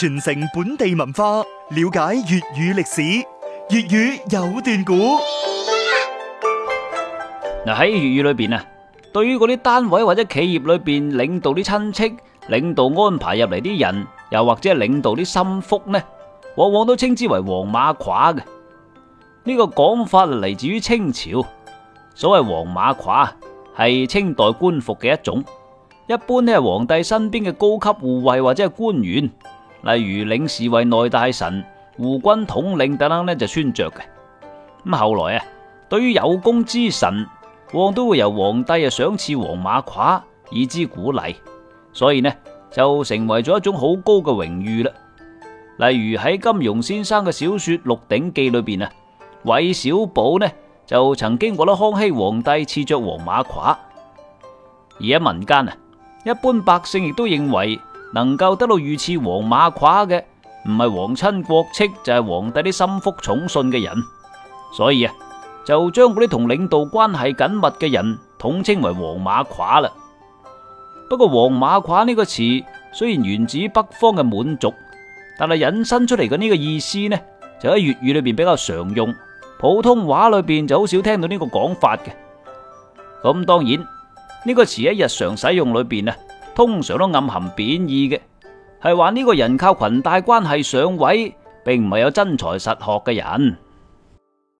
傳承本地文化，了解粵語歷史。粵語有段古嗱，喺粵語裏邊啊，對於嗰啲單位或者企業裏邊領導啲親戚、領導安排入嚟啲人，又或者係領導啲心腹呢，往往都稱之為黃馬褂嘅。呢個講法嚟自於清朝。所謂黃馬褂係清代官服嘅一種，一般咧係皇帝身邊嘅高級護衛或者係官員。例如領侍衛內大臣、護軍統領等等呢就穿着嘅。咁後來啊，對於有功之臣，往往都會由皇帝啊賞賜黃馬褂以資鼓勵，所以呢就成為咗一種好高嘅榮譽啦。例如喺金庸先生嘅小說《鹿鼎記》裏邊啊，韋小寶呢就曾經獲得康熙皇帝賜着黃馬褂。而喺民間啊，一般百姓亦都認為。能夠得到御賜黃馬褂嘅，唔係皇親國戚，就係、是、皇帝啲心腹寵信嘅人。所以啊，就將嗰啲同領導關係緊密嘅人統稱為黃馬褂啦。不過，黃馬褂呢個詞雖然源自於北方嘅滿族，但係引申出嚟嘅呢個意思呢，就喺粵語裏邊比較常用，普通話裏邊就好少聽到呢個講法嘅。咁當然，呢、這個詞喺日常使用裏邊啊。通常都暗含貶義嘅，係話呢個人靠裙帶關係上位，並唔係有真才實學嘅人。